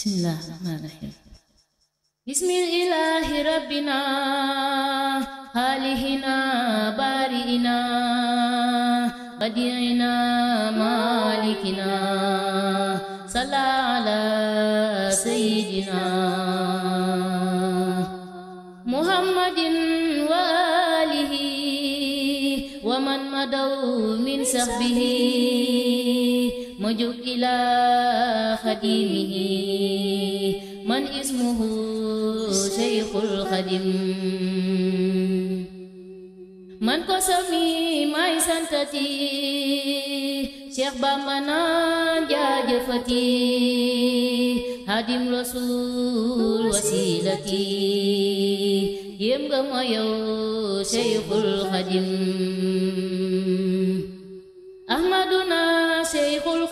بسم الله الرحمن الرحيم بسم الله ربنا خالقنا بارئنا بديعنا مالكنا صلى على سيدنا محمد وآله ومن مدوا من صحبه مجب إلى خديمه من اسمه شيخ الخدم man ko sami may santati Cheikh Bamba naan jaajëfati Hadim Rasul wasilati yem nga ma Khadim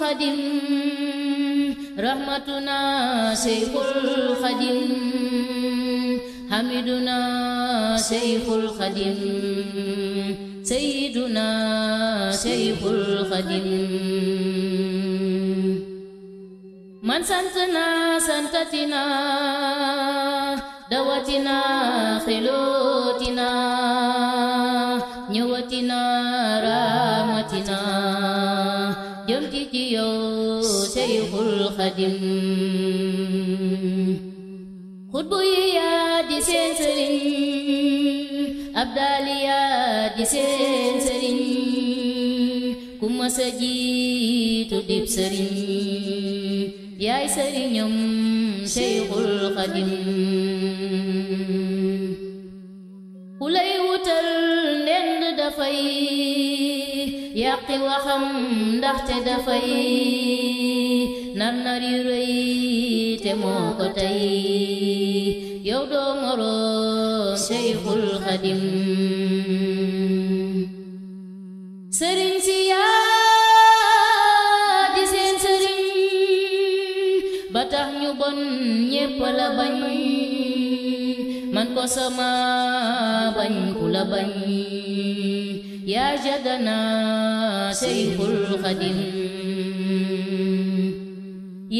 xadim rahmatuna seyxul xadim hamiduna seyxul xadim seyduna seyxul xadim man sant naa santatina dawatina xelootina ñëwatina xadim xutbu yi yaa di seen sëriñ abdali yaa di seen sëriñ ku masa jiitu dib sëriñ yaay sëriñam seyxul xadim ku lay wutal ndend dafay yàqi waxam ndaxte dafay nar-nar yu rëy te moo ko tey yow doo moroom Seyxul Xadim sëriñ si yaa di seen sëriñ ba tax ñu bon ñépp la bañ man ko sama bañ ku la bañ yaa jagana Seyxul Xadim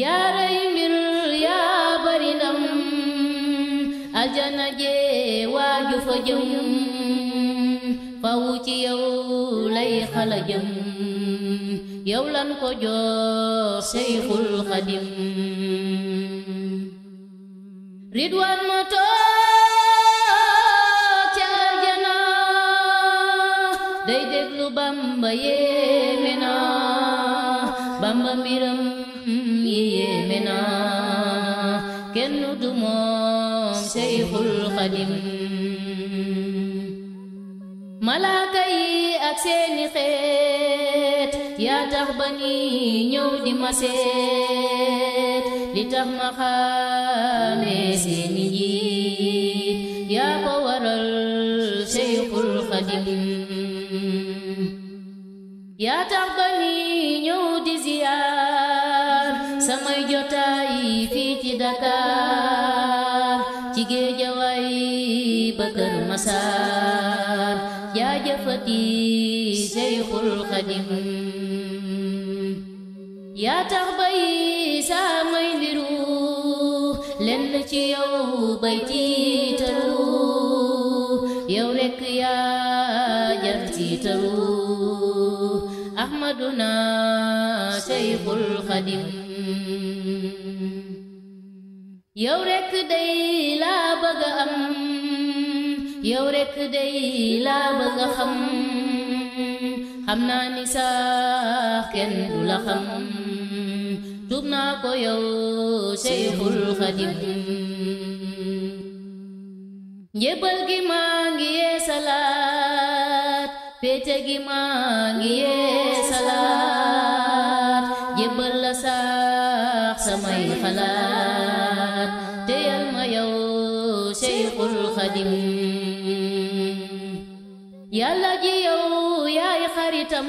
yaa rey mbir yaa bari aljana jee waaju fa jëm faw ci yow lay xala jëm ko jox xadim ridwaan ma toog ca aljana day déglu bamba yéeme na bamba mbiram kenn du moom Seyxul Xadim malaaka yi ak seeni xeet yaa tax ba ni ñëw di ma seet li tax ma xaamee seeni njiit yaa ko waral Seyxul Xadim yaa tax ba ni ñëw di ziyaar samay jota ci Dakar ci Géejawaay ba Kër Masaar jaajëfati Seyxul Xadim yaa tax bay saa may mbiru ci yow bay tiitaru yow rekk yaa jar tiitaru Ahmaduna Seyxul Xadim yow rekk day laa bëgg a am yow rekk day laa bëgg a xam xam naa ni sax kenn du la xam tuub naa ko yow Seyxul Xadim njëbbal gi ma ngi yee salaat péete gi maa ngi yee salaat njëbbal la sax samay xalaat xadim yàlla ji yow yaay xaritam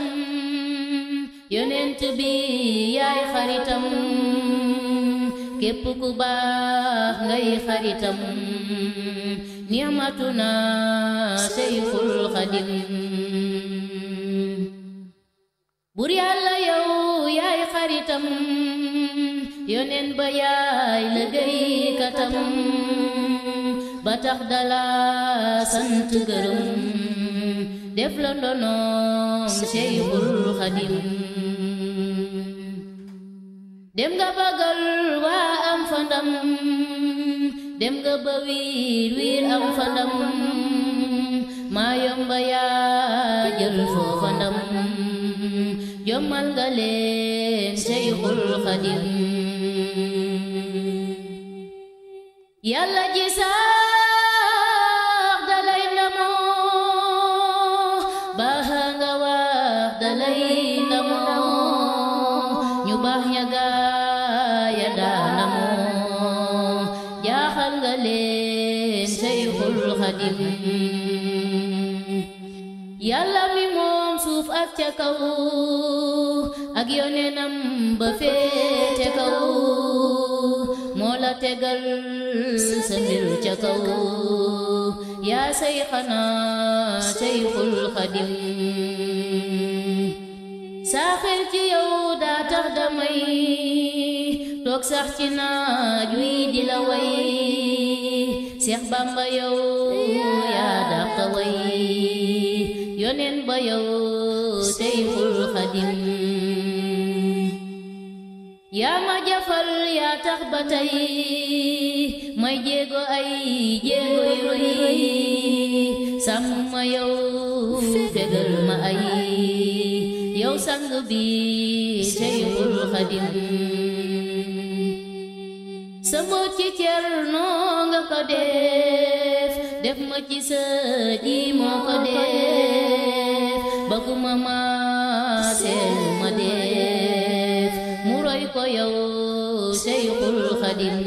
yonent bi yaay xaritam képp ku baax ngay xaritam ni'matuna seyful xadim ba tax dalaa sant gërëm def la ndonoom Seexul Xadim dem nga bagal waa am fandam ba wiir wiir am fandam jommal nga leen Seexul Xadim ñu baax ña gaaya daana moom jaaxal nga leen Seyxul Xadim yàlla mi moom suuf ak ca kaw ak yonenam ba féete kaw moo la tegal sa ca kaw yaa say xanaa Seyxul Xadim saa xel ci yow daa tax damay toog sax ci naaj wi di la way Seex Bamba yow yaa dàq way yoneen ba yow Seyful Xadim yaa ma jafal yaa tax may jéego ay jéego yu rëy sàmm ma yow ma ay sa mot ci Cerno ko def def ma ci sa ji moo ko def bëgguma maa seenu ma def mu roy ko yow Seyxul Xadim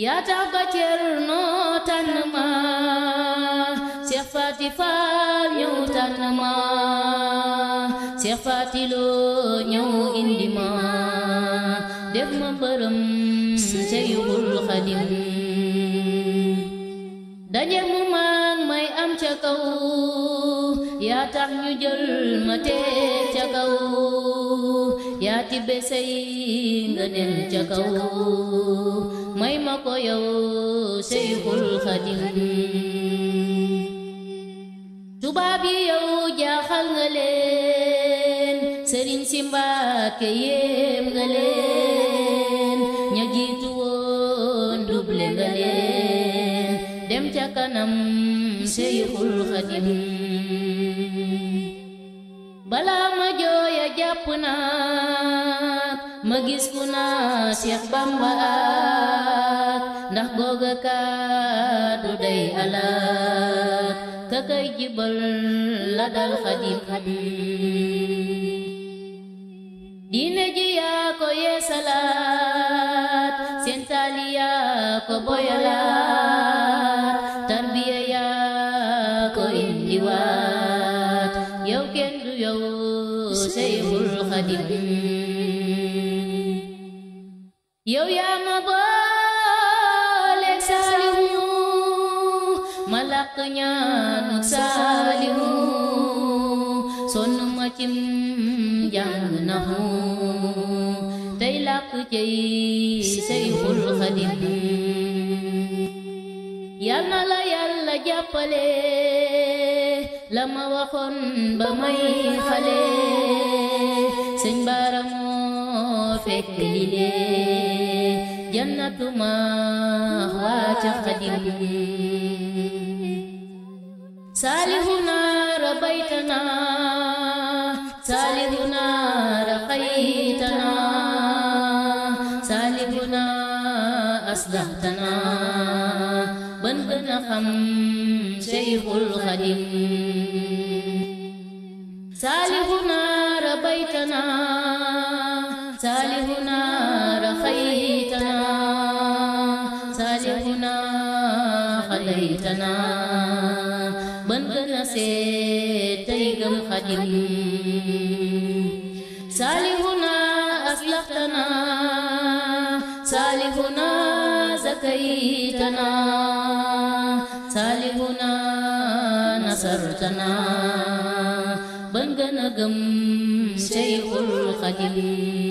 yaa faatama Seex Faatiloo ñëw tax ñu jël ma teg ca may ma ko yow Seyxul Xadim si Mbàkke yéem nga leen ña jiitu woon duble ca kanam Seyxul Xadim balaa ma jooya jàpp ma gis ku naa Seex Bamba ak ndax googa kaadu day alaat ka kay jibal la dal Xadim diine ji mm. yaa ko yeesalaat seen yaa ko boyalaat tarbiya yaa ko indiwaat yow kenn du yow Seyxul Xadim yow yaa ma boole saalihu ma làq ñaanu saalihu sonn ma cim jàng naxu jëy Seyxul Xadim la ma waxoon ba may xale sëñ Baara moo fekk li de jannatu ma waa ca Xadim saalihuna ra baytana saalihuna ra xay أصدقتنا بن بن خم شيخ الخديم سالهنا ربيتنا سالهنا رخيتنا سالهنا خليتنا بن بن سيتيقم خديم هديتنا صالحنا نصرتنا بنغنغم شيخ الخديم